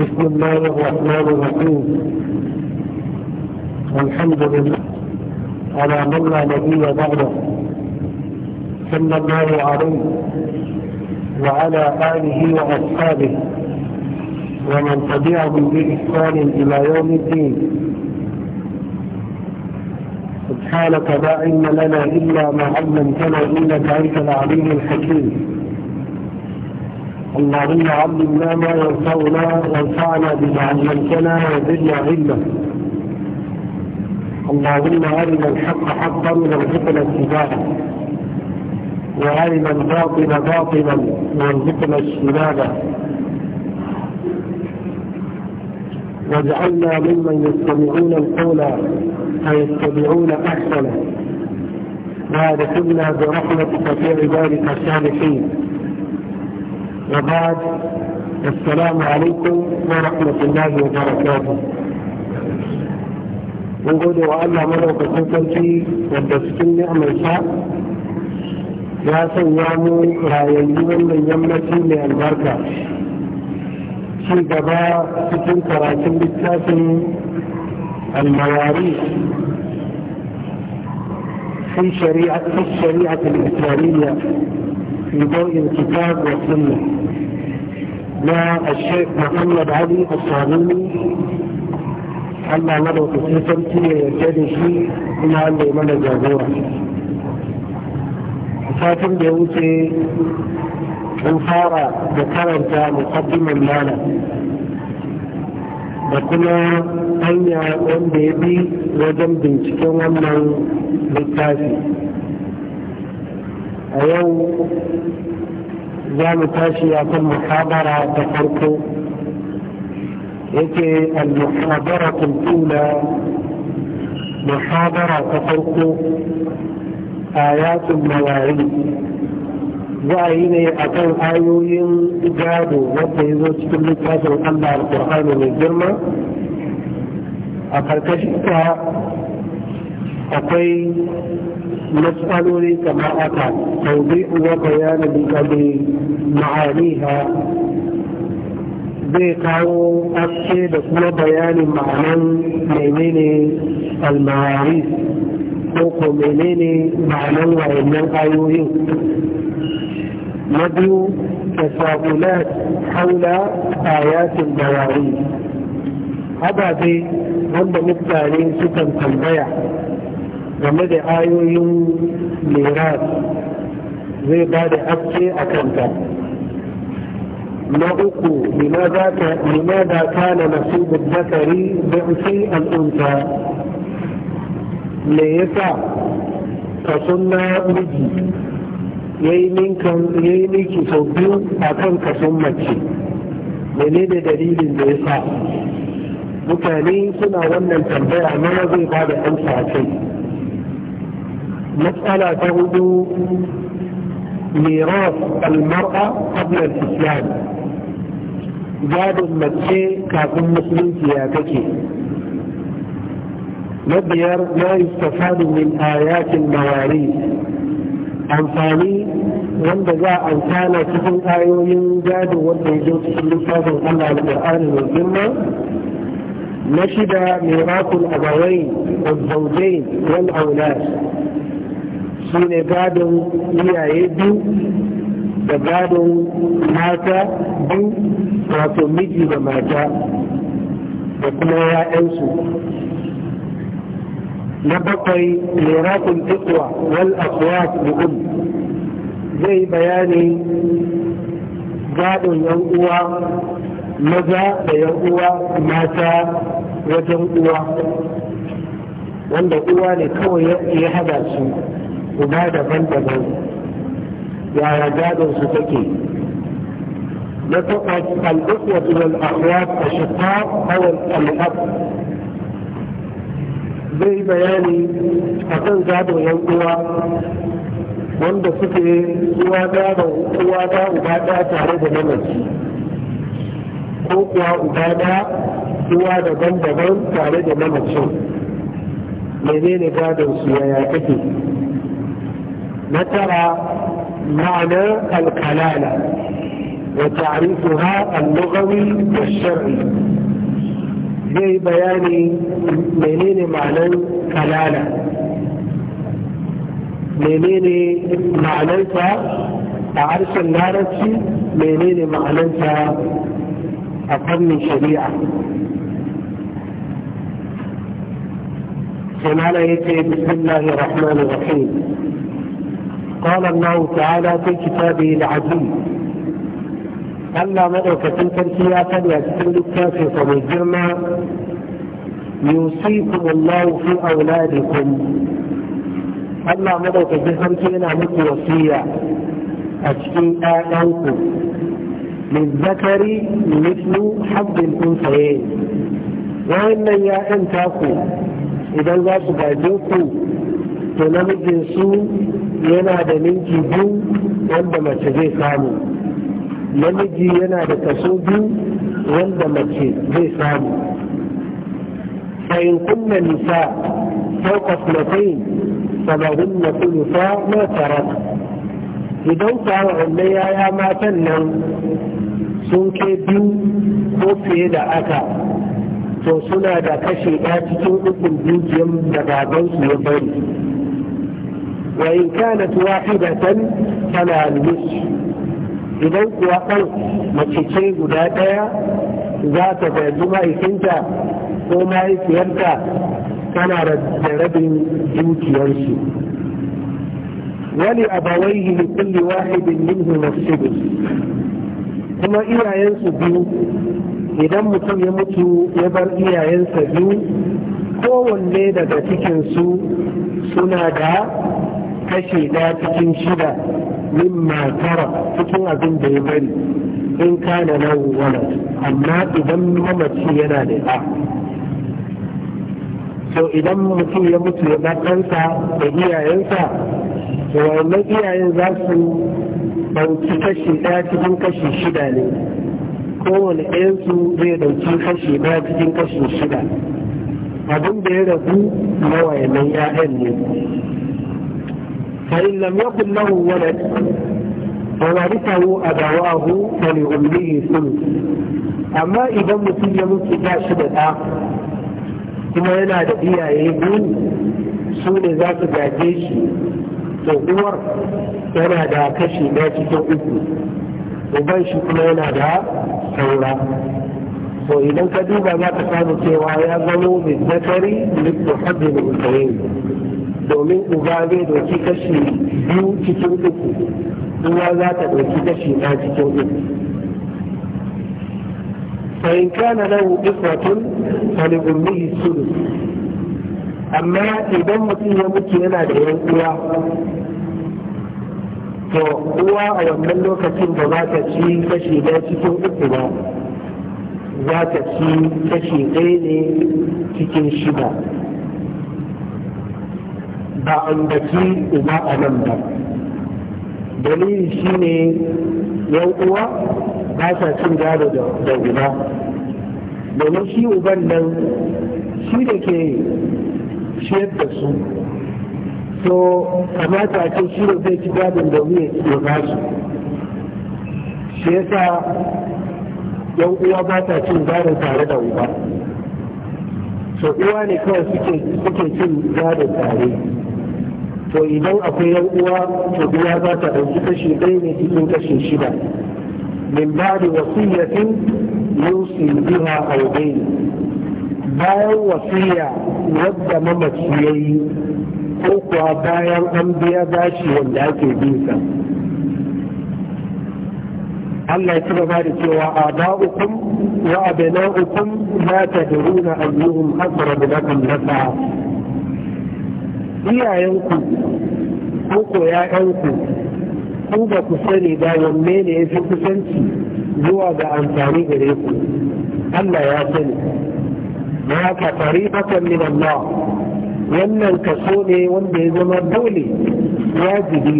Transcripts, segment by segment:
بسم الله الرحمن الرحيم والحمد لله على من لا نبي بعده صلى الله عليه وعلى آله وأصحابه ومن تبعهم بإحسان إلى يوم الدين سبحانك لا علم لنا إلا ما علمتنا إنك أنت العليم الحكيم اللهم علمنا ما ينفعنا وانفعنا بما علمتنا وزدنا علما اللهم ارنا الحق حقا وارزقنا اتباعه وارنا الباطل باطلا وارزقنا اجتنابه واجعلنا ممن يستمعون القول فيتبعون احسنه وادخلنا برحمتك في عبادك الصالحين وبعد السلام عليكم ورحمة الله وبركاته نقول مرة ملوك في والدستين نعم الحاء يا سيامو لا يجيبن من يمتي من البركة في جباء ستن تراتم بالتاسم المواريث في الشريعة في الشريعة الإسلامية في ضوء الكتاب والسنة مع الشيخ محمد علي الصالوني Allah madaukakin sarki ya yarda da shi ina Allah ya mana jagora. Satin da ya wuce an fara da karanta muqaddimin mana da kuma hanya wanda ya bi wajen binciken wannan littafi. a yau za mu tashi a kan muhabara ta farko yake al-muhabara tulkula muhabara ta farko ayatul mawari za a yi ne a kan ayoyin gado wadda ya zo cikin littafin allah al-qur'ani mai girma a karkashin ta akwai نسألني كما أتى توضيح وبيان بالقدير معانيها بيقعوا أكيد وبيان معاني ميميني المعاريس وكو ميميني معاني وإن الأيوهي نبيو تساؤلات حول آيات البواريس هذا دي عند مكتالين سكن تنبيع game da ayoyin miras zai ba da afke a kanta na uku limaza kana nasibin zakari don fi al'unta me yasa kason na miji ya yi miki sau biyu a kan kason mace mene da dalilin da ya sa mutane suna wannan tambaya mana zai ba da amsa kai مسألة تعود ميراث المرأة قبل الإسلام جاد المسيح كافل مسلم سياتك مبير ما يستفاد من آيات المواريث أنفاني وانبزاء أنسانا كفل آيوين جاد والبيجو تسلو صاد الأمع القرآن والجمع نشد ميراث الأبوين والزوجين والأولاد su ne gadon iyaye biyu da gadon mata biyu wato miji da mata da kuma ya'yansu na bakwai mirakun tikwa wal aswat da um zai bayani gadon yan uwa maza da yan uwa mata wajen uwa wanda uwa ne kawai ya hada su su ba daban-daban yaya gadon su take na takwas al'ukwa wal akhwat ashqaq aw al-ab zai bayani akan gadon yan uwa wanda suke uwa da uwa da uba da tare da mamaci ko kuwa uba da uwa daban-daban tare da mamacin menene gadon su yaya kake نترى معنى الكلالة وتعريفها اللغوي والشرعي زي بياني منين معنى كلالة منين معنى تعرف اللارسي منين معنى أقل شريعة سمعنا يتي بسم الله الرحمن الرحيم قال الله تعالى في كتابه العزيز ألا مدعك تلك السياسة يستند التاسف والجرمى يوصيكم الله في أولادكم ألا مدعك جهمتين عنك وصية أشكي آلاكم للذكر مثل حب الأنسين وإن يا أنتاكم إذا الواسب أجوكم تنمجنسون yana da ninki biyu wanda mace zai samu namiji yana da kaso biyu wanda mace zai samu fa'in kunna nisa na sunatai sababin na kulusa na tara idan ta wa'annan yaya matan nan sun kai biyu ko fiye da aka to suna da kashe ɗaya cikin ukun dukiyar da babansu ya bari وإن كانت واحدة فلا النصف إذا وقل ما تشي قداتها ذات فعل مائكنتا ومائكيرتا كان رب يرسي ولأبويه لكل واحد منه نفسه كما إلا biyu idan mutum ya mutu ya bar iyayensa biyu kowanne daga cikinsu suna da kashe ɗaya cikin shida mimma tara cikin abin da ya bari in da nan wani, amma idan mamaci yana da ɗa so idan mutum ya mutu ya ɗansa da iyayensa to wannan iyayen za su ɗauki kashi ɗaya cikin kashi shida ne kowane ɗayansu zai ɗauki kashi ɗaya cikin kashi shida abin da ya rabu na wayannan 'ya'yan ne فإن لم يكن له ولد فوارثه أدواه فلأمه ثلث أما إذا مثل يموت شدة بالآخر كما ينادى بي أيبون سون ذات جاجيش تغور ينادى كشي ناجي تغور وبيش كما ينادى ثورة وإذا كدوبا ما تقالوا تقام سواء يظلو بالذكري لتحضن الحين domin uba zai doki kashi biyu cikin uku uwa za ta doki kashi na cikin uku فإن كان sun إخوة فلأمه الثلث أما إذا متي يمتي أنا لأنقيا to uwa a wannan lokacin da za ta ci kashi ɗaya cikin uku ba za ta ci kashi ɗaya ne cikin shida ba ambaci uba a nan ba dalili ne yan uwa ba sa cin gado da uba domin shi uban nan shi da ke ciyar da su so kamata a ce shi da zai ci gadon domin ya ba su shi yasa yan uwa ba ta cin gado tare da uba so uwa ne kawai suke cin gado tare to idan akwai yan uwa to biya za ta ɗauki kashi ɗaya ne cikin kashi shida min ba'di wasiyatin yusi biha aw bayan wasiyya wadda mamaci yayi ko kuwa bayan an biya gashi wanda ake bin sa Allah ya ci gaba da cewa aba'ukum wa abna'ukum la tadruna ayyuhum aqrabu lakum nafa'a iyayenku ko ‘ya'yanku ku ba ku sani ba wanne ne ya fi kusanci zuwa ga amfani gare ku Allah ya sani ma haka tarifatan min Allah wannan kaso ne wanda ya zama dole wajibi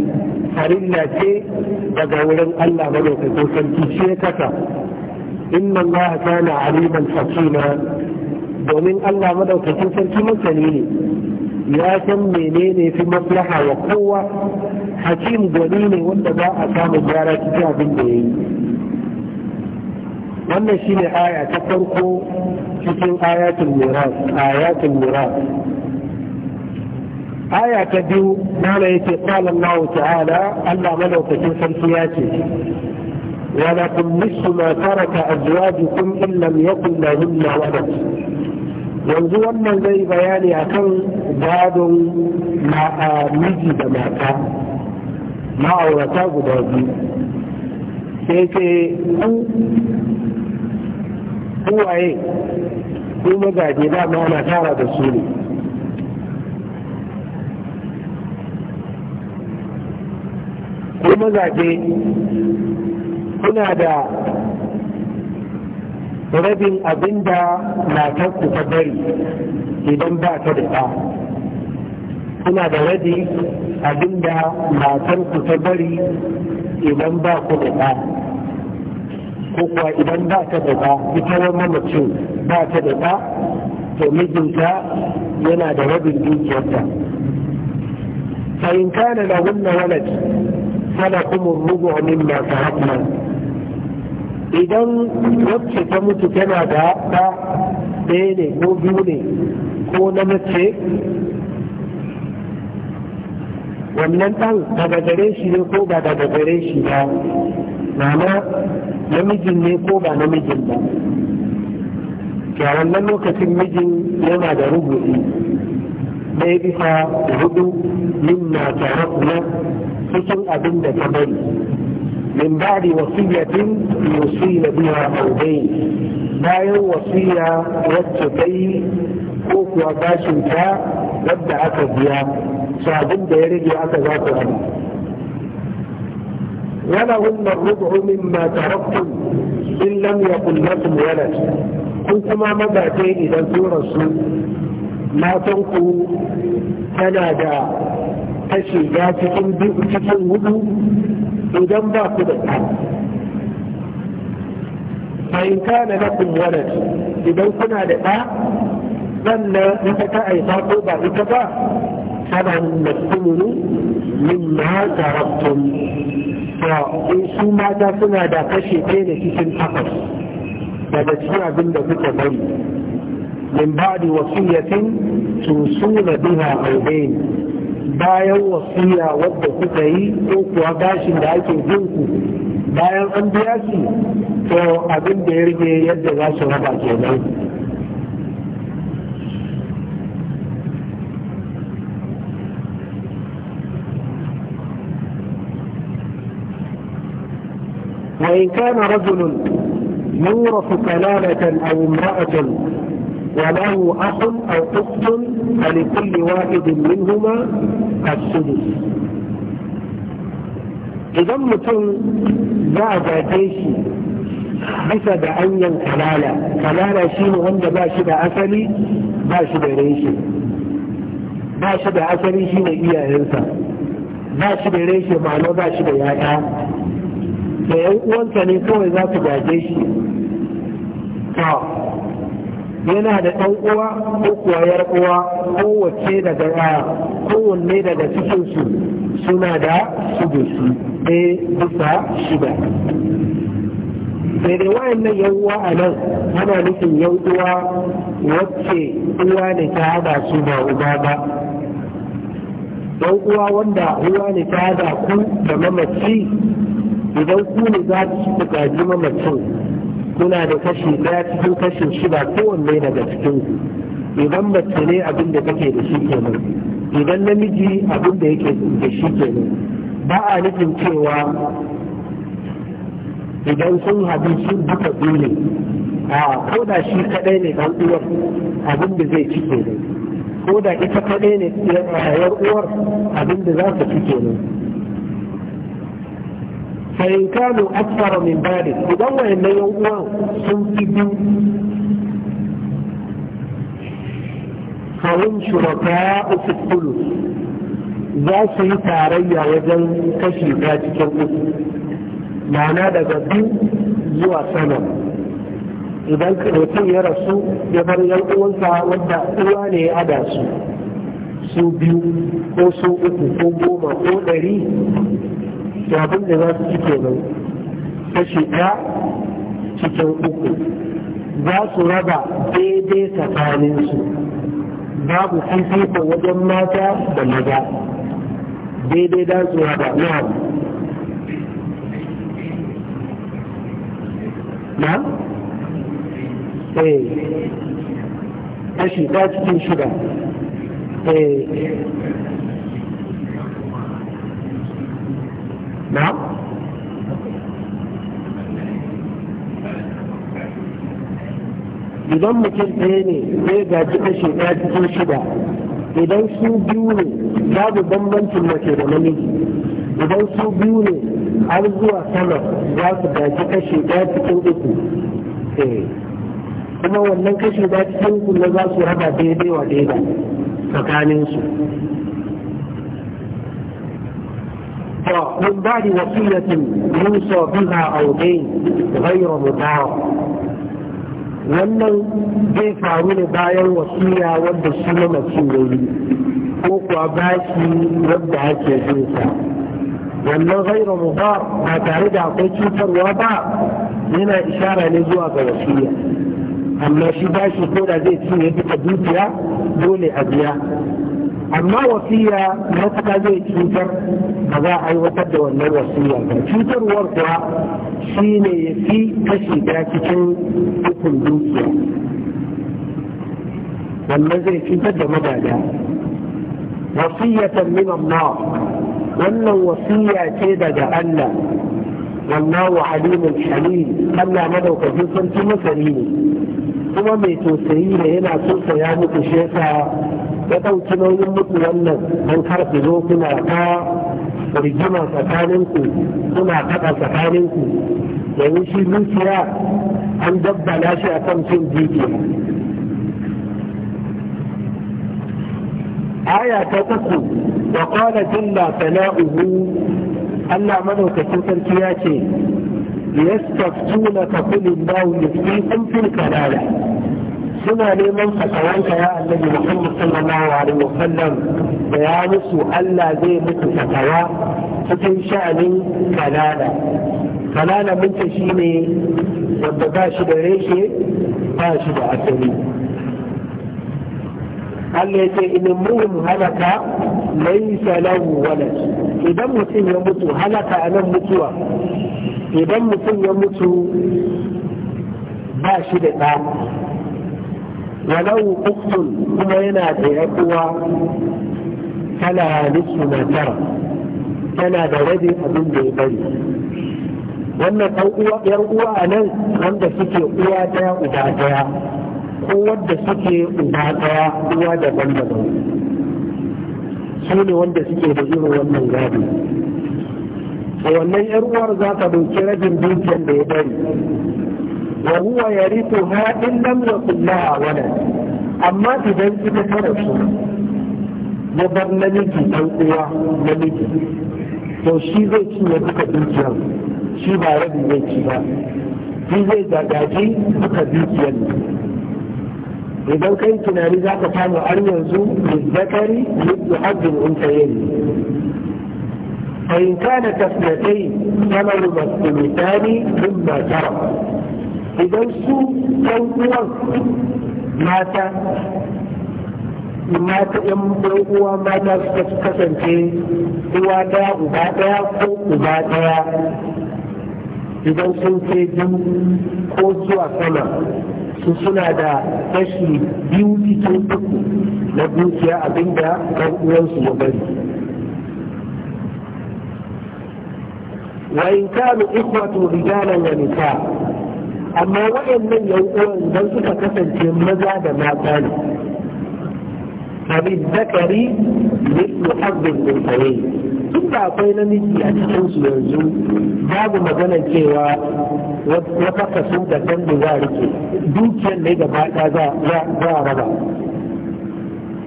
na ce daga wurin Allah madaukakin kusanci ce kasa inna Allah kana aliman hakima domin Allah madaukakin sarki masani ne ya san menene fi maslaha wa kowa hakim gwani ne wanda ba a samun gyara cikin abin da ya yi wannan shi ne aya ta farko cikin ayatul miras ayatul miras aya ta biyu mana yake qala Allah ta'ala Allah malaukakin sarki ya ce ولكم نصف ما ترك أزواجكم إن لم يكن لهن ولد yanzu wannan zai bayani akan gadon miji da mata ma'aurata guda biyu sai ce ku kuwaye ku magaje ma ana tara da su ne ku mazaje kuna da rabin abin da matarku ta bari idan ba ta da kuna da rabi abin da matarku ta bari idan ba ku da ɗa ko kuwa idan ba ta da ɗa ita wani mutum ba ta da ɗa to mijinta yana da rabin dukiyarta fa in kana lahunna walad falakum ar-rubu' mimma tarakna idan wacce ta mutu tana da ɗa ɗaya ne ko biyu ne ko na mace wannan ɗan daga gare shi ne ko ba daga gare shi ba mama namijin ne ko ba namijin ba ke wannan lokacin mijin yana da rubuɗi ɗaya bisa hudu tare kuma cikin abin da ta bari من بعد وصية يوصي بها أو دين ما هو وصية وصفي كوف وقاش انتا بدا أكذيا سابد يرجع أكذاتها ولهم الربع مما تركتم إن لم يكن لكم ولد كنتما ما إذا في رسول ما تركوا فنادى تشيجات في البيئة في idan ba ku da ɗa fa'in na lakum walad idan kuna da ɗa sannan ita ta aifa ko ba ita ba saban min mimma taraktum ba. in su mata suna da kashe ɗaya da cikin takwas daga cikin abin da kuka bari min ba'di wasiyatin suna biha aidain bayan wasiya wadda kuka yi ko kuwa gashin da ake ku, bayan an biya shi to abin da ya rage yadda za su raba ke nan وإن كان رجل يورث كلالة أو امرأة وله أخ أو أخت فلكل واحد منهما السدس idan mutum za a zaɓe shi bisa da anyan kalala kalala shi ne wanda ba shi da asali ba shi da reshe ba shi da asali shi ne iyayensa ba shi da reshe ma'ana ba shi da yaya da yan uwansa ne kawai za gaje shi yana da ɗan uwa ko kuwa uwa kowace daga ɗaya kowanne daga cikinsu suna da sudusi ɗaya bisa shida sai dai wayannan yan uwa a nan ana nufin yan uwa wacce uwa ne ta hada su ba uba ba yan uwa wanda uwa ne ta hada ku da mamaci idan ku ne za ku gaji mamacin kuna da kashi daya cikin kashin shida kowanne daga cikin ku idan mace ne abin da kake da shi kenan idan namiji abin da yake da shi kenan ba a nufin cewa idan sun haɗu sun duka dole a ko da shi kadai ne ɗan uwar abin da zai ci kenan ko da ita kadai ne ɗan uwar abin da za ta ci kenan فإن كانوا أكثر من ذلك إذا إن يوم سنتبوا فهم شركاء uku Kulu za su yi tarayya wajen kashi ta cikin uku ma'ana daga biyu zuwa sama idan mutum ya rasu ya bar yan uwansa wadda uwa ne ya ada su su biyu ko su uku ko goma ko ɗari ya abin da za su cike kenan kashi ɗaya cikin uku za su raba daidai tsakaninsu babu fifiko wajen mata da maza daidai da su raba na na? eh kashi ɗaya cikin shida eh na idan mutum ɗaya ne zai gaji kashe ɗaya cikin shida idan su biyu ne babu bambancin mace da namiji idan su biyu ne har zuwa sama za su gaji kashe ɗaya cikin uku eh. kuma wannan kashe ɗaya cikin uku na za su raba daidai wa daidai tsakaninsu ومن بعد وصية يوصى بها أو دين غير مضار wannan zai faru ne bayan wasiya wadda shi na mace yi ko kuwa bashi wadda ake jinsa wannan gairar ba ba tare da akwai cutarwa ba yana ishara ne zuwa ga wasiya amma shi bashi ko da zai cinye duka dukiya dole a biya amma wasiya matuƙa zai cutar ba za a aiwatar da wannan wasiya ba cutarwar kuwa shi ne ya fi kashi ta cikin hukun dukiya wannan zai cutar da magada wasiyatan min Allah wannan wasiya ce daga Allah wallahu alimun halim Allah madaukakin sarki masani ne kuma mai tausayi ne yana tausaya muku shekara. ya ɗauki nauyin muku wannan don kar ku zo kuna ta rigima tsakaninku kuna kaɗa tsakaninku shi zuciya an dabbala shi a kan cin jiki aya ta uku wa qala jalla sana'uhu Allah madaukakin sarki ya ce yastaftunaka qul Allahu yuftikum fil kalala suna neman fatawanka ya annabi Muhammad sallallahu alaihi wa sallam da ya musu Allah zai musu fatawa cikin sha'anin kalala kalala mun shi ne wanda ba shi da reshe ba shi da asali Allah ya ce in muhim halaka laisa lahu walad idan mutum ya mutu halaka anan mutuwa idan mutum ya mutu ba shi da ɗa walau uktun kuma yana da yakuwa tana nisu na tara tana da rabi abin da ya bari wannan ɗan uwa a nan wanda suke uwa daya uba daya ko wanda suke uba daya uwa daban daban su ne wanda suke da wannan gado a wannan yar uwar za ka ɗauki rabin dukiyar da ya bari وهو يرثها إن لم يكن لها ولد أما اذا بيت تفرش يبر نميكي توقيع نميكي تو شي زي شي يبقى بيتيا شي ما ربي بيتيا في زي زكاجي بقى بيتيا إذا كان تناري ذاك كان أن ينزو للذكري يبدو حد الأنثيين فإن كانت اثنتين ثمر مثلتان مما ترى idan su ɗan uwan mata mata ɗan uwa mata suka kasance uwa ɗaya uba ɗaya ko uba ɗaya idan sun ce biyu ko zuwa sama su suna da kashi biyu cikin uku na dukiya abinda ɗan uwansu ya bari وإن كانوا إخوة رجالا ونساء amma waɗannan yankunan don suka kasance maza da mata ne abin zakari su hazzin dinsaye tun da akwai namiji a cikin su yanzu babu magana cewa wata kasu da kan da za a rike dukiyar ne gaba mata za a raba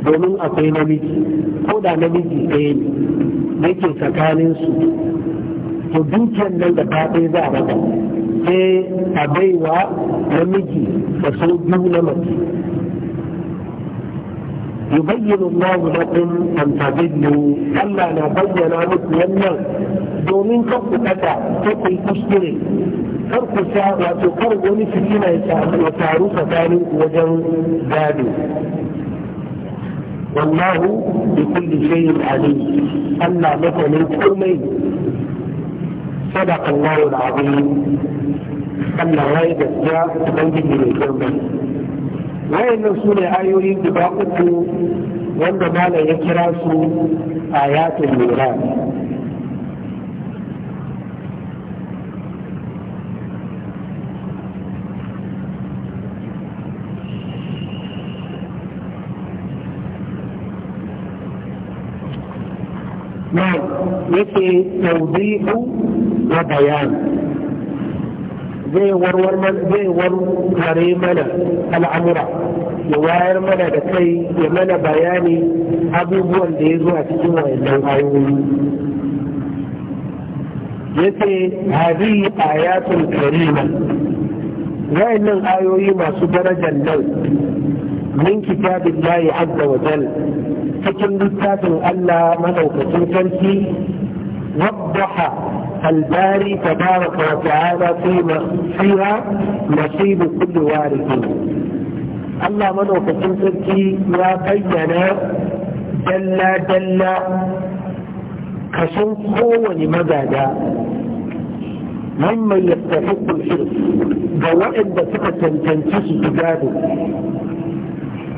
domin akwai namiji ko da namiji ɗaya ne yake tsakanin su to dukiyar nan da ta ɗaya za a mata sai a baiwa namiji da sau biyu na mace يبين الله لكم أن تضلوا ألا لا بين لكم يمنا دومين كفو أتا تقل تشتري karku sha wato kar wani fitina ya taru tsakanin wajen gado والله بكل شيء عليم ألا مثل كومي صدق الله العظيم Allah ya yi gaskiya Ubangiji mai girma. Wayannan su ne ayoyi guda uku wanda malam ya kira su a ayatul lura. yake tawdihu wa bayan zai warware mana al'amura ya wayar mana da kai ya mana bayani abubuwan da ya zo a cikin wayannan ayoyi yace hadi ayatul karima wayannan ayoyi masu darajar nan min kitabillahi azza wa jalla cikin littafin Allah madaukakin sarki waddaha albari tabaraka wa ta'ala fi fiha nasibu kulli warithin Allah madaukakin sarki ya bayyana dalla dalla kashin kowane magada mimman yastahiqu al ga waɗanda suka cancanci su gado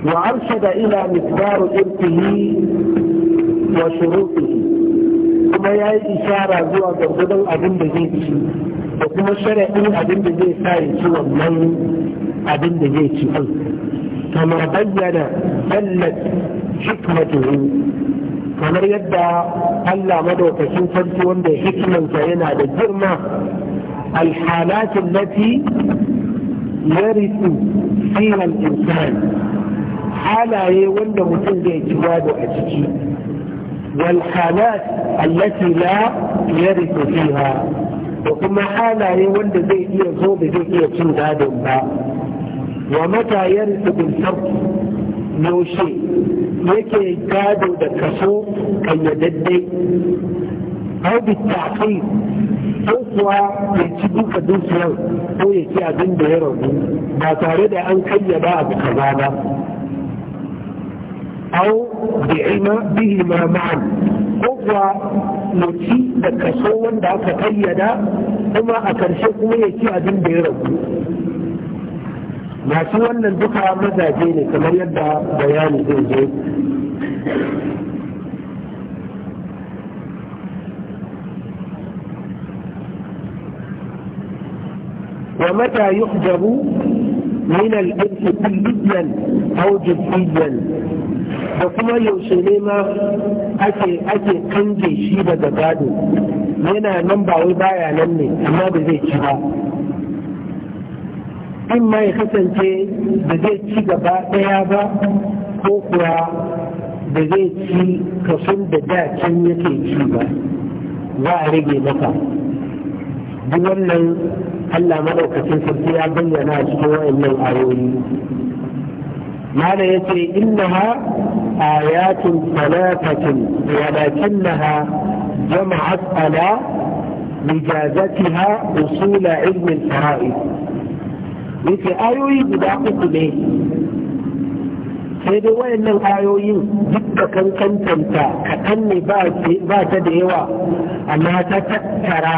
وارشد الى مقدار ارثه وشروطه كما يأتي اشاره جوا غدغدن ابن دجي وكما شرعي ابن دجي ساي سوى من ابن دجي كما بين دلت حكمته كما يدعى الا مدى وكشن فرس وندى حكمة كينا بالجرمة الحالات التي يرث فيها الانسان halaye wanda mutum zai ci gado a ciki والحالات التي لا يرث فيها kuma halaye wanda zai iya zo da zai iya cin gadon ba wa mata yarisu bil sarf yaushe yake gado da kaso kayyadadde au bi ta'qi ko kuwa ya ci duka dukiyar ko ya ci abin da ya rabu ba tare da an kayyada abu kaza ba أو بعما بهما معا هو نتي دكسوا دا قيدا وما أكرشكم يتي أدن بيرب ما سوى أن البكرة ماذا جيني كما يدعى بيان الزيت ومتى يحجب من الإرث كليا أو جزئيا da kuma yaushe ne ma ake ake kange shi daga gado yana nan ba wai baya nan ne amma ba zai ci ba in ma ya kasance da zai ci gaba daya ba ko kuwa da zai ci kafin da dacin yake ci ba za a rage maka duk wannan Allah madaukakin sarki ya bayyana a cikin wayannan ayoyi mana yace innaha ayatun salatatun walakinnaha jama'at ala mijazatiha usul ilm al-fara'id yace ayoyi guda uku ne sai dai wayannan ayoyin duk da kankantanta kaɗan ne ba ta da yawa amma ta tattara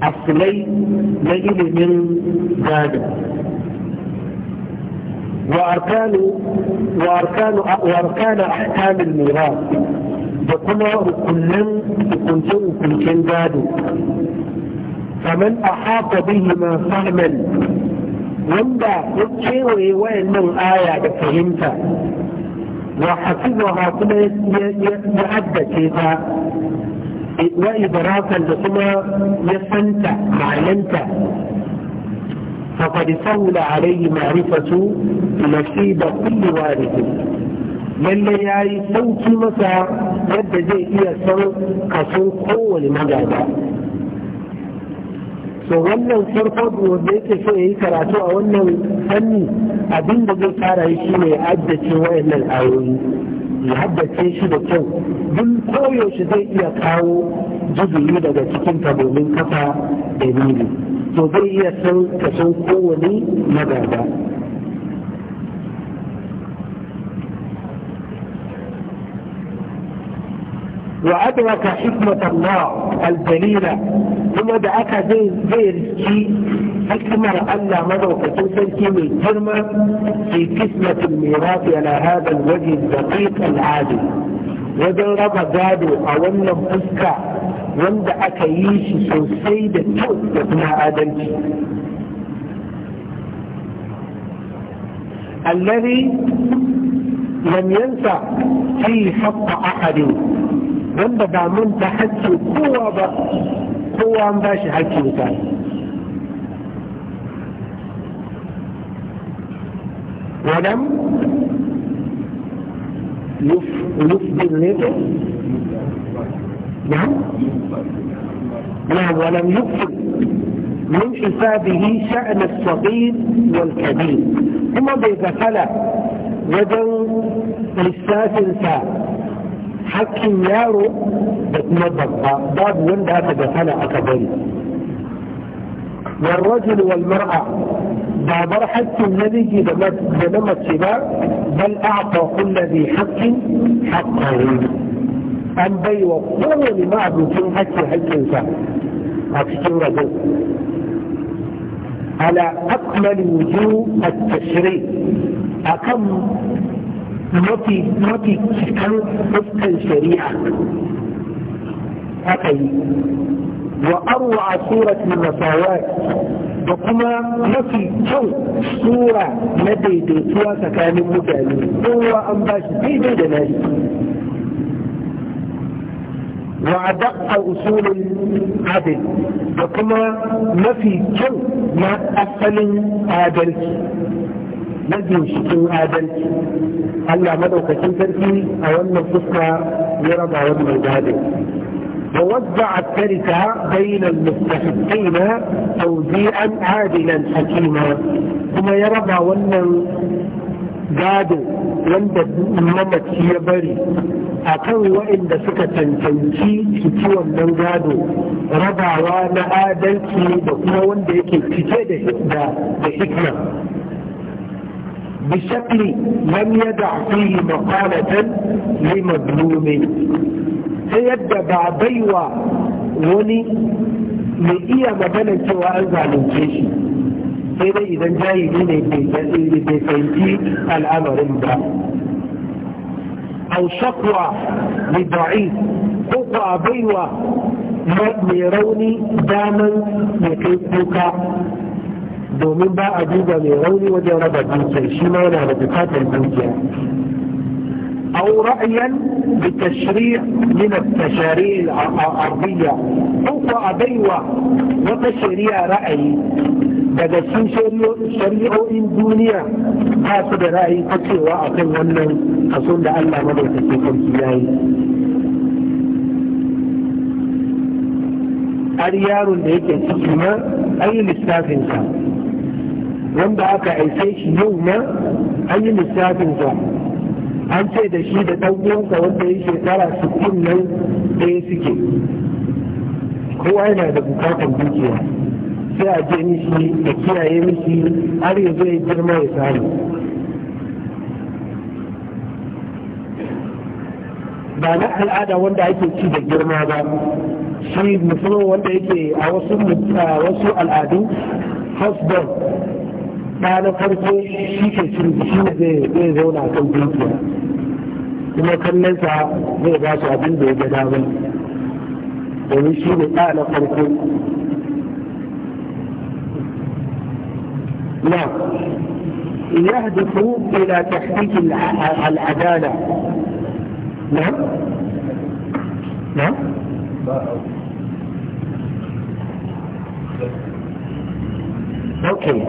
asulai na ilimin gado وأركان وأركان وأركان أحكام الميراث بكما كلن كنت كنت جادو فمن أحاط بهما فهما وندا يكيوي وين من آية وحفظها كما يعد كيفا wa idrakan da kuma ya santa ma'ananta فقد سهل عليه معرفة نصيب كل وارث lalle ya yi sauki masa yadda zai iya san kaso kowane magana to wannan farko da yake so ya yi karatu a wannan fanni abin da zai fara yi ne addace wayannan ayoyi ya haddace shi da kyau duk koyaushe zai iya kawo jizuri daga cikin ta domin kafa dalili to zai iya san kasan kowane magada وأدرك حكمة الله الجليلة ثم دعك زير كي أكمر ألا مضوا فتنسل كي من جرمة في قسمة الميراث على هذا الوجه الدقيق العادي ودرب زاده أولا فسكا وند أكييش سيد التوت ابن آدمي الذي لم ينسى في حق أحد من بدا من تحكي قوة بقى قوة مباشي حكي بتاعي ولم يفضل نفسه نعم نعم ولم يفضل من حسابه شأن الصغير والكبير هما بيبثلة وجن لساس الساس hakkin yaro da kuma babba babu wanda aka gafala aka bari والرجل والمرأة بابر حق النبي بنما السباع بل أعطى كل ذي حق حقه أن بيوى كل ما أبوكين حق حق إنسان أكثر رجل على أكمل وجوه التشريع أكم نعطي نعطي كان وفقا شريعا أتي وأروع سورة من نصوات وكما نفي جو سورة لدي دي سورة كان هو أنباش دي دي وأدق أصول العدل وكما نفي جو ما أفل عدل mafi cikin adalci Allah madaukakin sarki a wannan fuska ya raba wannan gado ووزع التركة بين المستحقين توزيعا عادلا حكيما ثم يرضى ون gado wanda mamaci ya bari a kan waɗanda suka cancanci ciki wannan gado rabawa na adalci da kuma wanda yake cike da hikma بشكل لم يدع فيه مقالة لمظلوم سيبدأ بعضي ووني من إيا مبنى سوى أنزع للجيش إذا إذا جاي من بفينتي الأمر إمدى أو شقوى لضعيف قطع بيوة ما يروني داما يكذبك domin ba a duba mai rauni wajen raba dukiyar shi ma yana أو رأياً بتشريع من التشاريع الأرضية حقا بيوة وتشريع رأي بدا سنشريع شريع اندونيا قاسد رأي فكي وأقل ونن أصول لألا مضي تسيكم سياي أريار ليك السيما أي الاستاذ انسان wanda aka aice shi yau na, an yi lissafin sa an ce da shi da ɗan uwansa wanda ya shekara sittin nan ɗaya suke kowa yana da bukatan dukiya sai a je mishi da kiyaye mishi har ya zo ya girma ya samu ba na al'ada wanda ake ci da girma ba shi musamman wanda yake a wasu al'adu husband ɗana farko shi ke shi zai zauna kan dukiya kuma kallonsa zai ba su abin da ya ga dama domin shi ne ɗana farko na يهدف إلى تحقيق العدالة نعم نعم أوكي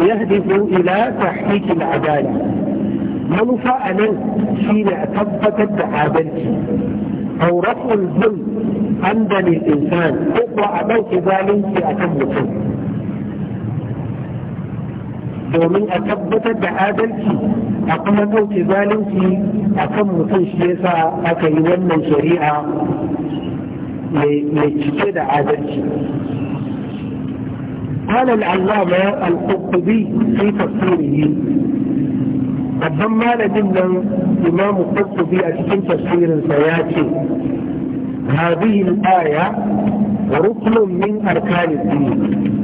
يهدف إلى تحقيق العدالة manufa a nan shi ne a tabbatar da adalci au rafin zul an da ne insan ko a ɗauke zalunci a mutum domin a tabbatar da adalci a kuma ɗauke zalunci akan mutum shi yasa aka yi wannan shari'a mai cike da adalci قال العلامة القطبي في تفسيره قد مال لدينا إمام القطبي في تفسير سياتي هذه الآية ركن من أركان الدين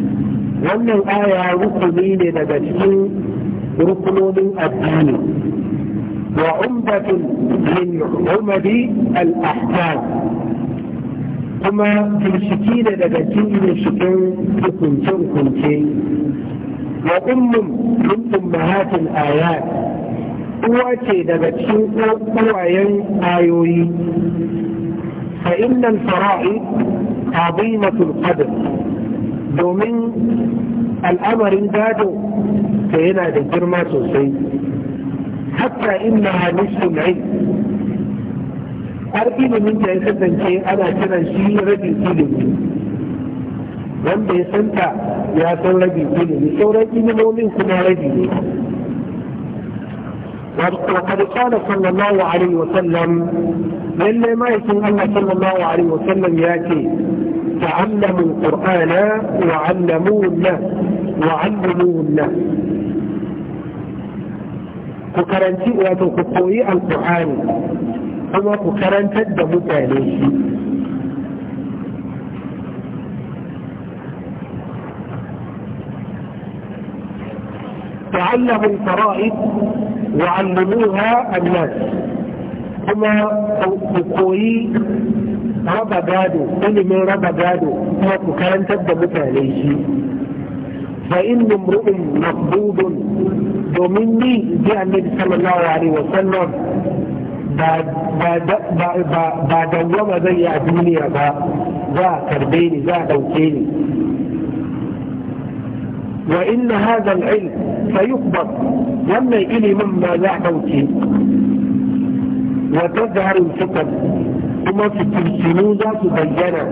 وأن الآية ركنين لدجين ركن الدين وعمدة من عمد الأحكام kuma bincike da daga cikin binciken hukunce-hukunce wa ummin min ummahatil ayat uwa ce daga cikin kowayen ayoyi fa innal fara'id azimatul qadr domin al'amarin gado ta yana da girma sosai hatta inna nisful ilm har ilimin da ya kasance ana kiran shi rabin ilimi wanda ya santa ya san rabin ilimi sauran ilimomin kuma rabi ne وقد قال صلى الله عليه وسلم لأن ما يكون الله صلى الله عليه وسلم يأتي تعلموا القرآن وعلمونا وعلمونا فقرنتي وقد قوي القرآن kuma ku karantar da mutane shi تعلموا الفرائض وعلموها الناس كما تقوي ربا جادو كل من ربا جادو وكان تدبت عليه فإن امرؤ مقبوض دومني جاء النبي صلى الله عليه وسلم ba dawwama zai yi a duniya ba za a karbe ni za a ɗauke ni wa inna hadha al-ilm sayukbar wannan ilimin ba za a ɗauke wa tazhar al-fitan kuma fitintinu za su bayyana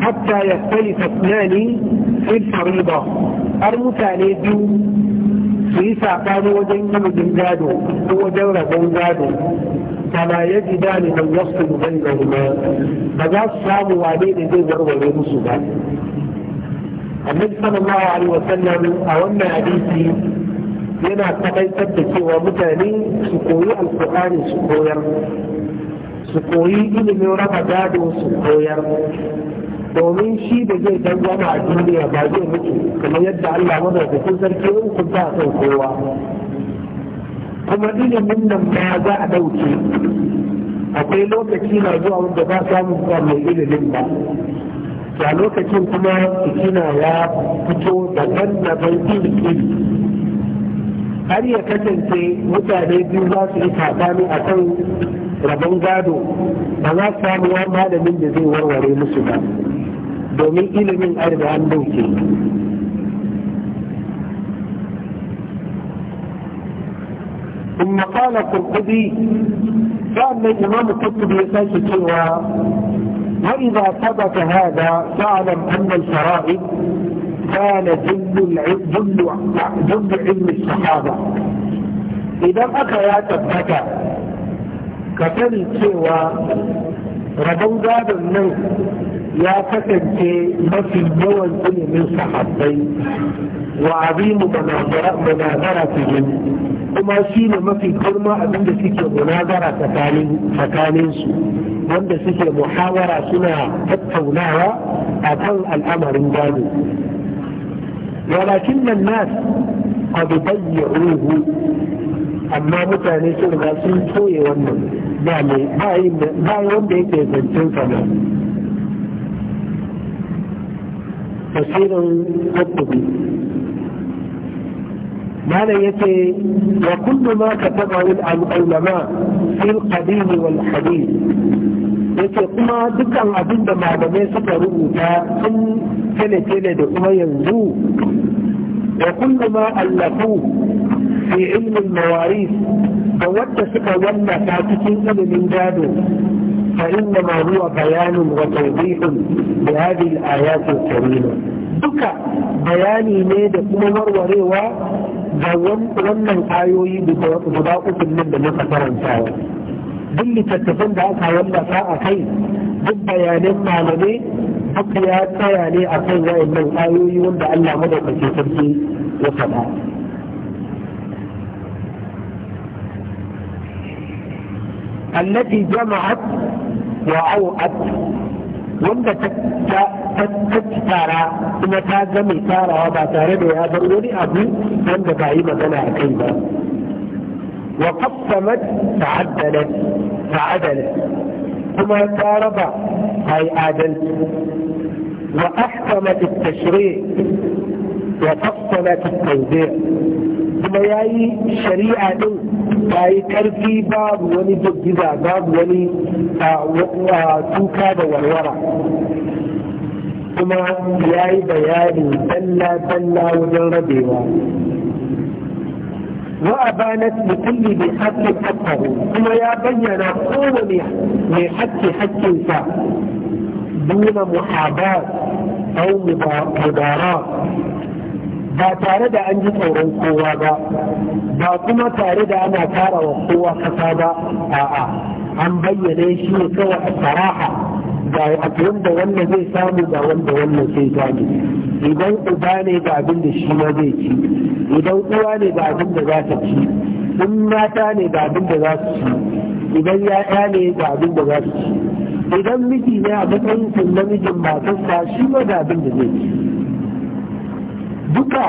hatta yaktalifa ithnani fi al ba ar mutane biyu yi saɓani wajen ilimin gado ko wajen rabon gado فلا يجدان من يصل بينهما فذا الصام وعليه زي ورور مسوبا النبي صلى الله عليه وسلم أولنا حديثي yana takaitar da cewa mutane su koyi alkur'ani su koyar su koyi ilimin raba gado su koyar domin shi da zai dangana a duniya ba zai mutu kamar yadda Allah madaukakin sarki yau hukunta a kan kowa kuma ilimin nan ba za a dauke akwai lokaci na zuwa wanda ba samu ba mai ilimin ba a lokacin kuma kina ya fito daban-daban iri-iri har ya kasance mutane biyu za su yi sabani a kan rabon gado ba za su samu wani malamin da zai warware musu ba ثم قال القرطبي فأما الإمام القرطبي يسأل سوى وإذا ثبت هذا فاعلم أن الفرائض كان جل جل جل علم الصحابة إذا أكا يا تبتكى كتل سوى rabon gadon nan ya kasance mafi yawan ilimin sahabbai wa azimu munazara cikin kuma shi ne mafi girma abinda da suke munazara tsakanin su wanda suke muhawara suna tattaunawa a kan al'amarin gano walakin nan nas qad bayyaruhu amma mutane sun riga sun soye wannan ba mai wanda yake zancen sana tafsirin qurtubi malam yace wa kullu ma katabahu al-ulama fil qadim wal hadith yace kuma dukkan abin da malamai suka rubuta sun tele-tele da kuma yanzu wa kullu ma allafu fi ilmin mawaris da wadda suka wallafa cikin ilimin gado فإنما هو بيان وتوضيح لهذه الآيات الكريمة دكا بياني نيد أمور وريوة جوان ومن آيوي بضاقة من دمك فرنساوة duk littattafan da aka wallafa a kai duk bayanan malamai haka ya tsaya ne akan kan wa'annan wanda Allah madaukake sarki ya faɗa. التي جمعت وأوأت wanda ta tara kuma ta game tarawa ba tare da ya bar wani abu wanda ba yi magana a kai ba wa qassamat ta'addalat ta'adalat kuma ta raba ai adalci wa ahkamat at-tashri' wa fassalat at-tawdi' kuma ya yi shari'a ɗin ta yi ƙarfi babu wani jirgiza babu wani tuka da warwara kuma ya yi bayani dalla-dalla wajen rabewa وأبانت لكل ذي حق حقه ثم يا بين قوم من حق حق دون محاباة أو مضارات ba tare da an ji tsoron kowa ba ba kuma tare da ana tara wa kowa kasa ba a'a an bayyana shi ne kawai a saraha ga wanda wannan zai samu ga wanda wannan zai samu idan uba ne ga abin da shi ma zai ci idan uwa ne ga abin da za ta ci in mata ne ga abin da za su ci idan ya'ya ne ga abin da za su ci idan miji ne a matsayin namijin matarsa shi ma ga abin da zai ci duka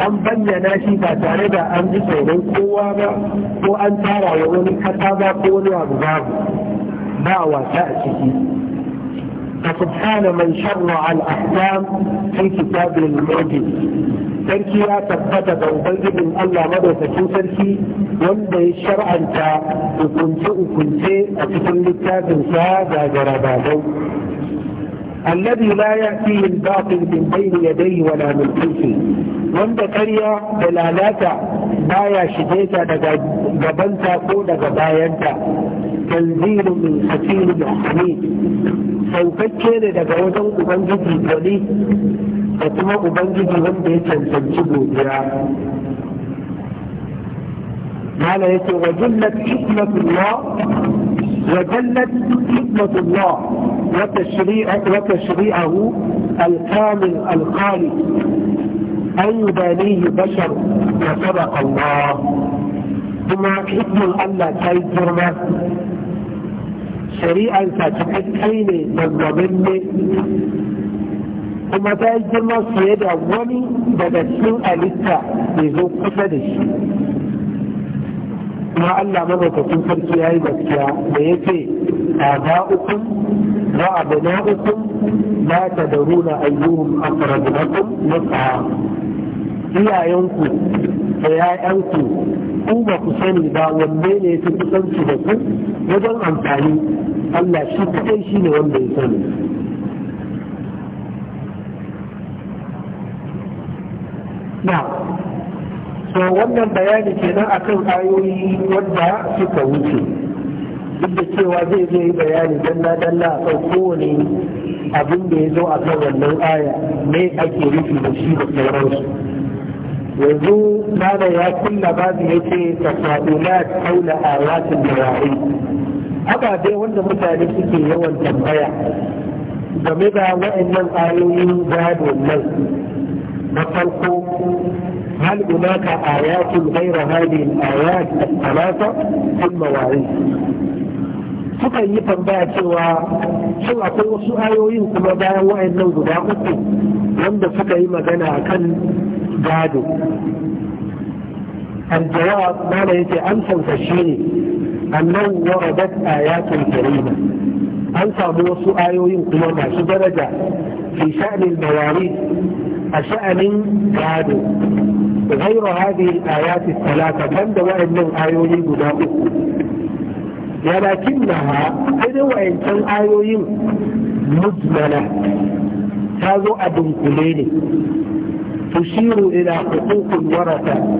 an bayyana shi ba tare da an ji tsoron kowa ba ko an tara wa wani kasa ba ko wani abu babu ba wasa a ciki فسبحان من شرع الاحكام في كتاب المعجز sarki ya tabbata da ubangijin Allah madaukakin sarki wanda ya shar'anta hukunce-hukunce a cikin littafin sa ga garababai الذي لا يأتي الباطل من بين يديه ولا من خلفه وانت كريا دلالاتا بايا شديتا دبنتا قول دبايتا تنزيل من حكيم الحميد سوفكين دبوتن أبنجدي بولي فتما أبنجدي هم بيتن تنجبوا بيا قال يتوى جلت حكمة الله وجلت حكمة الله وتشريعه الكامل الخالق أي يبانيه بشر وصدق الله ثم حكم الله تيترنا شريئا ستحكين من ضمن ثم تيترنا سيدة ومي بدا سوء لتا لذو قفدش وعلى مرة تنفر في هاي مكتا ليتي آباؤكم وأبناؤكم لا تدرون أيهم أقرب لكم نفعا iyayenku da ‘ya'yanku ku ba ku sani ba wanne ne fi kusanci da ku wajen amfani Allah shi shi ne wanda ya sani. so wannan bayani kenan akan ayoyi wadda suka wuce. duk da cewa zai zai yi bayani dalla dalla a kan kowane abin da ya zo a kan wannan aya me ake rufi da shi da sauransu yanzu mana ya kulla babu ya ce ratin da ayatin haka dai wanda mutane suke yawan tambaya game da wa'annan ayoyin gado nan na farko هل هناك آيات غير هذه الآيات الثلاثة في المواعيد suka yi tambaya cewa shin akwai wasu ayoyin kuma bayan nan guda uku wanda suka yi magana kan gado الجواب annan يتي a yakin أنه an آيات كريمة ayoyin kuma masu daraja fi في شأن المواريث sha'anin كادو غير هذه الآيات الثلاثة عند دواء من آيوين قدامه ولكنها إذا وإن كان آيوين مجملة هذا أبن كليني تشير إلى حقوق الورثة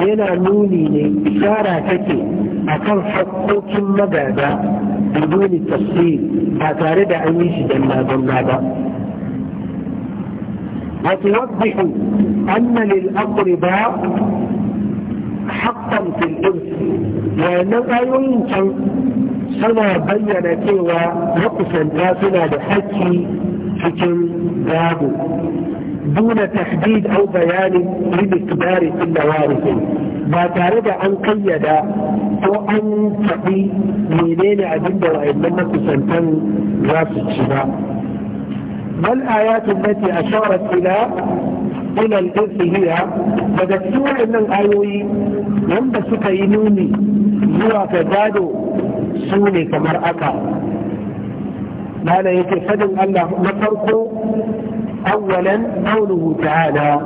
إلى نونين إشارة تكي أكن حقوق مبادة بدون التفصيل أتارد أن يشد النابا وتوضح أن للأقرباء حقا في الإنس وإنما ينكر سنة بيّن كيوة نقصا جاسنا لحكي حكم بابه دون تحديد أو بيان لمكبار كل وارث ما تارد عن قيدة وأن تقي منين أجند وإنما كسنتان جاس الشباب ما الآيات التي أشارت إلى إلى الإرث هي فدكتور إن الآيوي ينبى سكينوني هو كذادو سوني كمرأة ماذا يتفدن الله نفرقه أولا قوله تعالى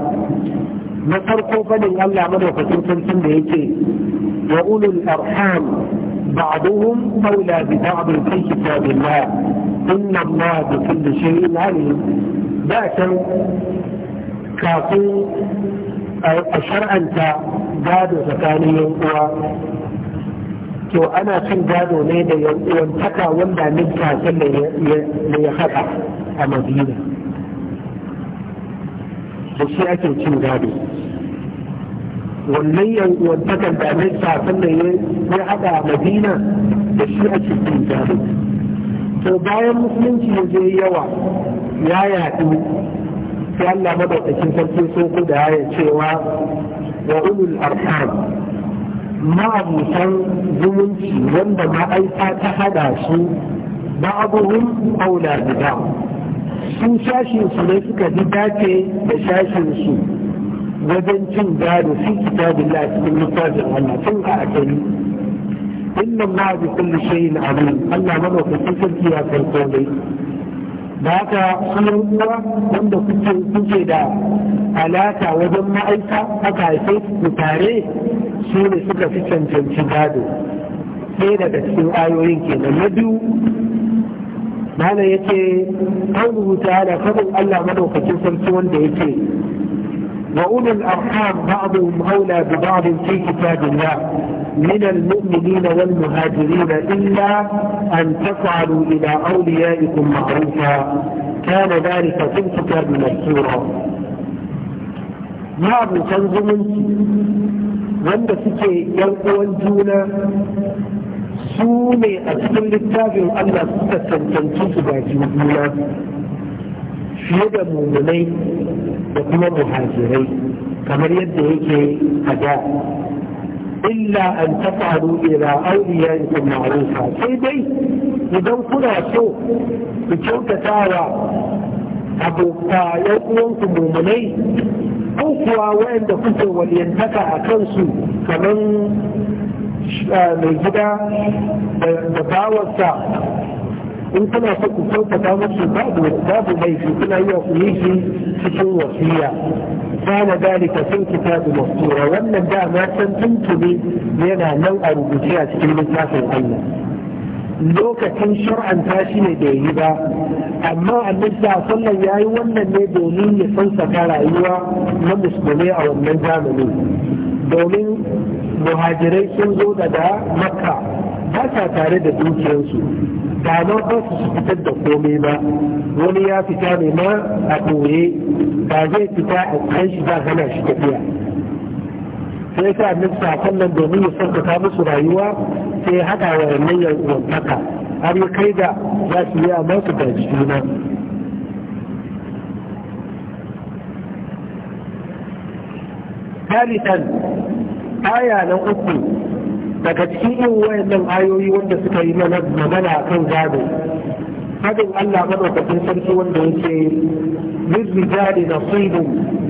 نفرقه فدن الله من وفتوتن سنة يتي وأولو الأرحام بعضهم أولى ببعض في كتاب الله إن الله بكل شيء عليم بأسا كافي شرعا ta gado tsakanin yan uwa to ana cin gado ne da yan uwan taka wanda min kasan da ya haɗa a madina da shi ake cin gado wannan yankuwantakan da mai safin da ya haɗa madina da shi a cikin jami to bayan musulunci ya je yawa ya yaɗu sai Allah madaukakin sarki sun ku da ya cewa wa ulul arham ma'abusan zumunci wanda ma'aika ta haɗa su ba'abuhum aula bida su sashin su ne suka ji dace da sashin su wajen cin gado fi da cikin littafin Allah sun a kai inna ma bi kulli shay'in alim Allah madaukakin sarki ya farko dai. da haka sunan uwa wanda kuke kuke da alaka wajen ma'aika aka haife ku tare su ne suka fi cancanci gado Sai daga cikin ayoyin kenan na biyu mana yake an rubuta da faɗin Allah madaukakin sarki wanda yake وأولي الأرحام بعضهم أولى ببعض في كتاب الله من المؤمنين والمهاجرين إلا أن تفعلوا إلى أوليائكم معروفا كان ذلك في الكتاب مسورا babu can zumunci wanda suke yan uwan juna للتابع ne a cikin littafin Allah fiye da mummunai da kuma muhajirai kamar yadda yake a da illa an tafaru ila auliyakum ma'rufa sai dai idan kuna so ku kyautata wa yan uwanku mummunai ko kuwa wayanda kuke waliyantaka a kansu kamar eh, mai gida da bawarsa in kuna so ku kyautata musu babu babu laifi kuna yi wa shi cikin wasiya kana dalika sun kitabu mastura wannan dama san tuntuni yana nan a rubuce a cikin littafin Allah lokacin shar'anta shi ne bai yi ba amma annabi sallallahu ya yi wannan ne domin ya sansaka rayuwa na musulmi a wannan zamanin domin muhajirai sun zo daga makka ba sa tare da dukiyarsu ba ba su fitar da komai ba wani ya fita ne ma a ɓoye ba zai fita a kan shi ba hana shi tafiya sai sa annabi sakon nan domin ya sauƙaƙa musu rayuwa sai ya haɗa wa wannan yankuwantaka har ya kai da za su yi a masu da juna ثالثا آية لو أكل daga cikin yin nan ayoyi wanda suka yi mana magana kan gado hadin Allah madaukakin sarki wanda yake للرجال نصيب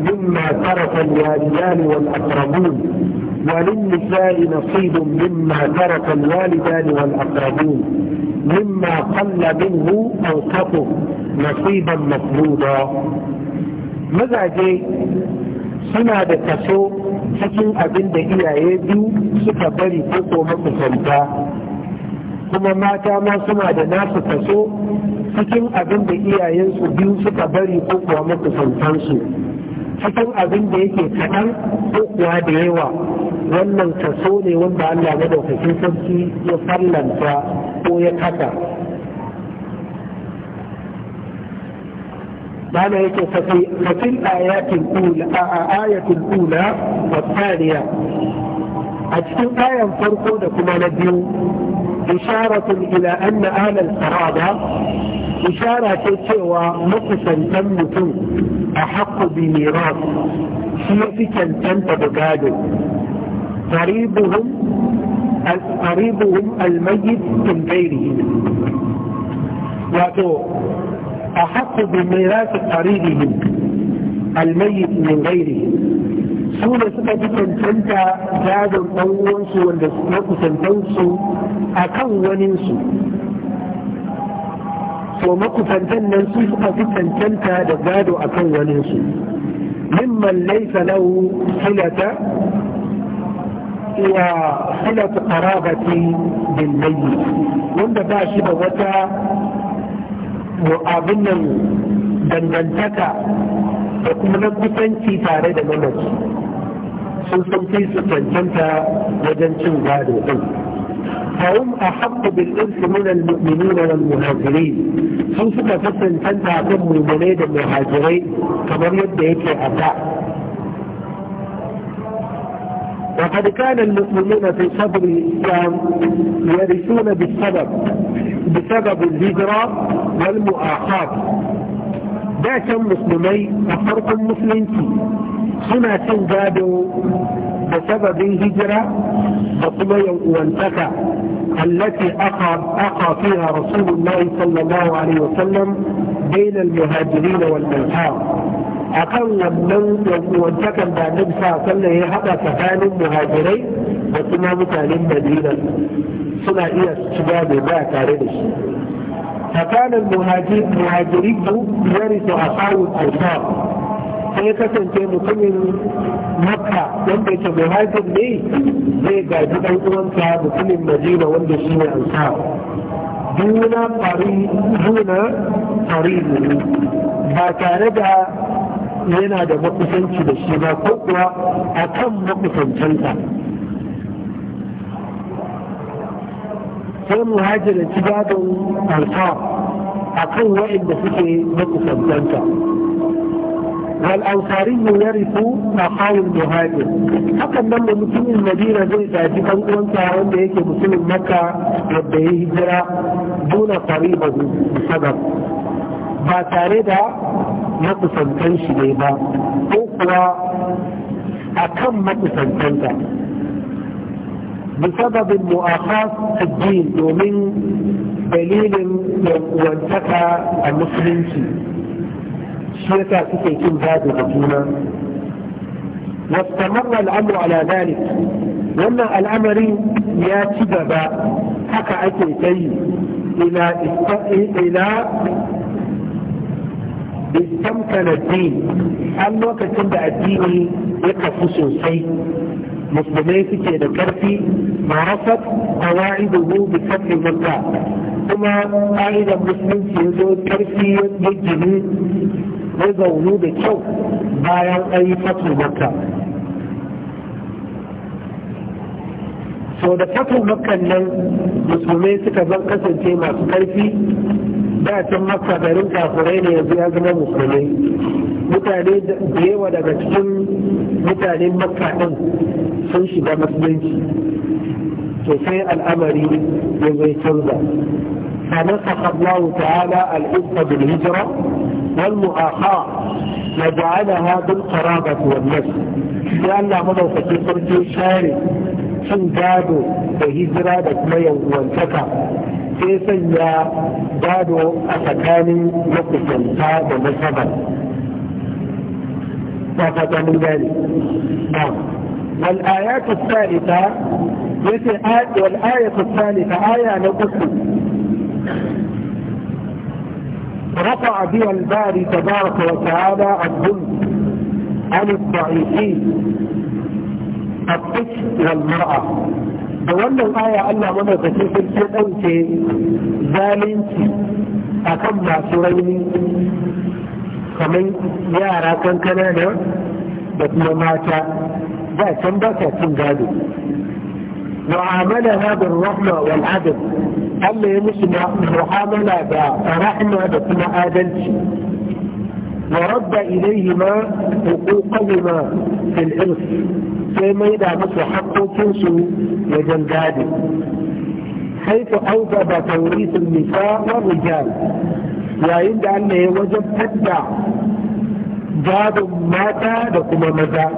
مما ترك الوالدان والأقربون وللنساء نصيب مما ترك الوالدان والأقربون مما قل منه أو كفر نصيبا مفروضا ماذا جي suna da kaso cikin abin da iyaye biyu suka bari ko kuma kusanta kuma mata ma suna da nasu kaso cikin abin da iyayensu biyu suka bari ko kuwa makusantansu cikin abin da yake kaɗan ko kuwa da yawa wannan kaso ne wanda Allah madaukakin sarki ya fallanta ko ya kasa قال هيك ففي, ففي الآيات الأولى آية الأولى والثانية أجتم آية فرقوا لكم نبيو إشارة إلى أن آل القرابة إشارة سوى مقصا تمت أحق بميراث هي فتن تنت قريبهم قريبهم الميت من غيرهم wato أحق بميراث قريبهم الميت من غيره سولة ستة تنتا زاد القوانس والدسنات تنتنس أكوانس ومك تنتنس ستة تنتا زاد أكوانس ممن ليس له صلة حلة صلة قرابة بالميت وانت باشي بوتا abin nan dangantaka da kuma na kusanci tare da mamaci sun san fi su cancanta wajen cin gado din فهم su nuna من المؤمنين muhajirai sun suka fi cancanta kan muminai da muhajirai kamar yadda yake a da وقد كان المؤمنون في صدر الإسلام يرثون بالسبب بسبب الهجرة والمؤاخاة da المسلمين وفرق المسلمين farkon musulunci بسبب الهجرة gado da التي أقى فيها رسول الله صلى الله عليه وسلم بين المهاجرين والأنصار a kan wannan wancakan da annabi sa sallan ya haɗa tsakanin muhajirai da kuma mutanen madina suna iya shiga mai ba tare da shi فكان ya مهاجري a أخاه الأنصار sai kasance mutumin makka wanda ke muhajir ne zai gaji ɗan uwansa mutumin madina wanda shi ne ansar duna fari duna fari ba tare da yana da makusanci da shi ba ko kuwa a kan makusancinsa sai muhajir da ci gadon ansar a kan waɗanda suke makusantanta والأنصاري يرث أخاه hakan nan da mutumin Madina zai tafi ɗan uwansa wanda yake mutumin Makka wanda ya hijira duna qaribahu sabab ba tare da makusantan shi ne ba ko kuwa a kan makusantanta بسبب مؤاخاة الدين ومن دليل وانتفى المسلم شيئا كي يكون هذا بجونا واستمر الأمر على ذلك وأن الأمر يا كذبا حكى أكي إلى إلى istamkana din an lokacin da addini ya kafu sosai musulmai suke da karfi marasat qawaiduhu bi fathi makka kuma ƙa'idar musulunci ya zo karfi ya gini ya zaunu da kyau bayan an yi fathi so da fathi makkan nan musulmai suka zan kasance masu karfi da can masa garin kafurai ne yanzu ya zama musulmai mutane da yawa daga cikin mutanen makka ɗin sun shiga musulunci to sai al'amari ya zai canza فنطق الله تعالى العزة بالهجرة والمؤاخاة وجعلها بالقرابة والنسل لأنها مضى في قرد الشارك سن دادو بهزرة بكمية وانتكا كيف يا دادو أسكاني مقفا فاد مصبا وفتا من ذلك نعم. والآيات الثالثة آية- والآية الثالثة آية نقصد رفع بها الباري تبارك وتعالى الظلم عن الضعيفين الطفل والمرأة دولنا الآية ألا منا تسيسل سيئنك ذالنك أكم لا سريني كمين يا راكن كنانا بس مماتا ذا كم باكا تنجادو معاملها بالرحمة والعدل قال لي مسلم معاملة برحمة بكما آدلت ورد إليهما حقوقهما في الإرث كما إذا مصر حقه تنسو وجلداده حيث أوجب توريث النساء والرجال وعند أنه وجب تدع جاد ماتا لكم مزا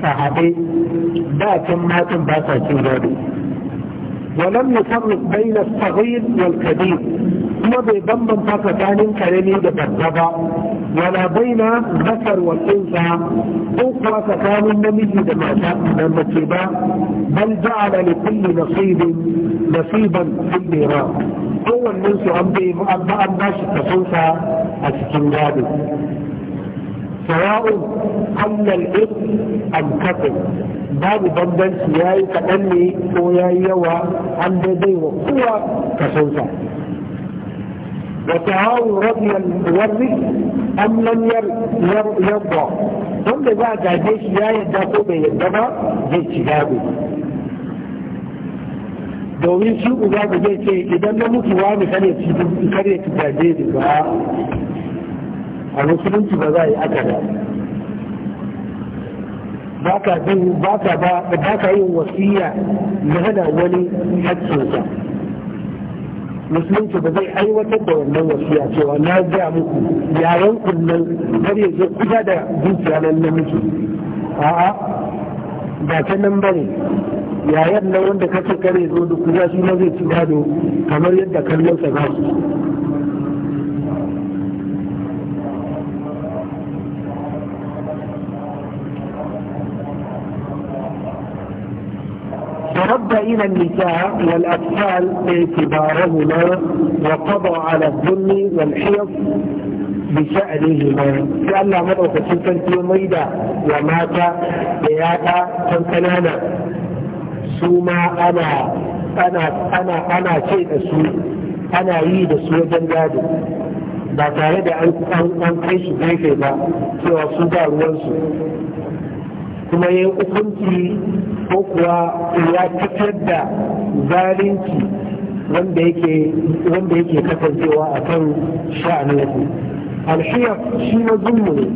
sahabai da can matan ba ولم يفرق بين الصغير والكبير ما بيضم بيضمن فكتان كريمي بتبضبا ولا بين ذكر والأنثى أخرى فكان النمي دماتا من تبا بل جعل لكل نصيب نصيبا في الميراث هو الناس أم بأم باش التصوفة السكنجابي سواء أن الإثم أم كفر باب بندن ya كأني kaɗan يوى ko ya yi كسوسا وتعاو رضي الورد أم لم ير ير يرضى ثم إذا جاهش لا يدقوا بيدما جيش جابي domin shi uba da zai ce idan na mutuwa ne kare ci kare da gaje ba a musulunci ba za a yi aka da ba ka ba ka yin wasiya na wani haƙƙinsa musulunci ba zai aiwatar da wannan wasiya cewa na ga muku yayan kullum har ya zo kusa da dukiya nan namiji a'a ba ta nan ba ne yayan nan wanda kace kare zo da ya shi na zai ci gado kamar yadda kallon sa ba su بين النساء والأطفال اعتبارهما وقضى على الظلم والحيض بشأنهما لأن مره تشكل في ميدا ومات بياتا تنكنانا سوما أنا أنا أنا أنا شيء أسوء أنا أريد أسوء جنجاد ba tare da an kai su gefe ba cewa su ba ruwansu kuma ya yi hukunci ko kuwa ya fitar da zalunci wanda yake kasancewa a kan sha'anin alhiyar shi na zulmu ne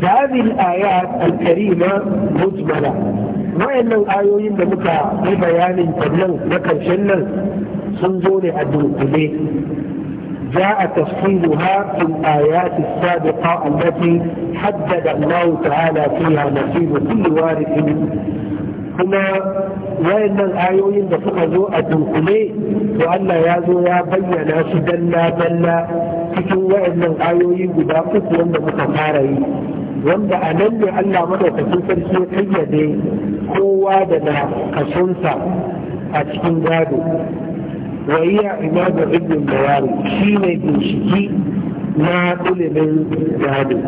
da هذه الآيات الكريمة مجملة wayannan ayoyin da muka yi bayanin sannan na karshen nan sun zo ne a dunkule جاء تفصيلها في الآيات السابقة التي حدد الله تعالى فيها نصيب كل وارث هنا وإن الآية ينبسط ذو أدوكمي وأن يا ذو يا بينا شدنا بلا تكون وإن الآية ينبسط وإن متفاري وإن أنم أن مدى تفصيل في حيدي هو وادنا أشنسا أشنسا wa iya imamu ibn bayari shi ne ginshiki na ilimin gado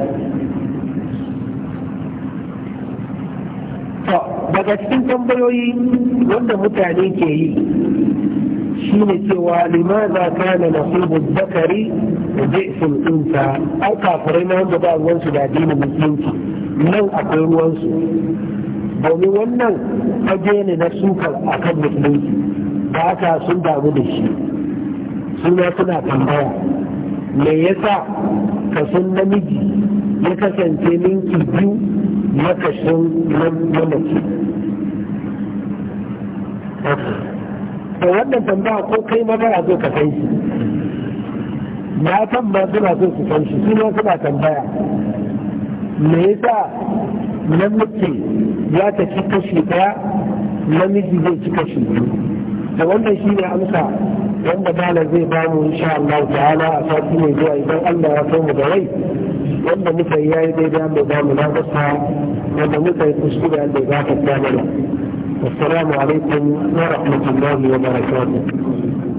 daga cikin tambayoyi wanda mutane ke yi shi ne cewa limaza kana nasibu zakari da jefin ɗinsa an kafirai na wanda ba ruwansu da addinin musulunci nan akwai ruwansu domin wannan fage ne na sukar akan musulunci ba ta sun damu da shi suna suna tambaya me yasa sun namiji ya kasance ninki biyu na kashin na mace da wannan tambaya ko kai magana zo ka san shi matan ma suna so su san shi suna suna tambaya me yasa namiji ya tafi kashi daya namiji zai ci kashi biyu da wannan shi ne amsa wanda dala zai ba mu insha Allah ta'ala a sati mai zuwa idan Allah ya kai mu da rai wanda muka yi yayi daidai Allah ya bamu na gasa wanda muka yi kuskure da ya gafarta mana assalamu alaikum wa rahmatullahi wa barakatuh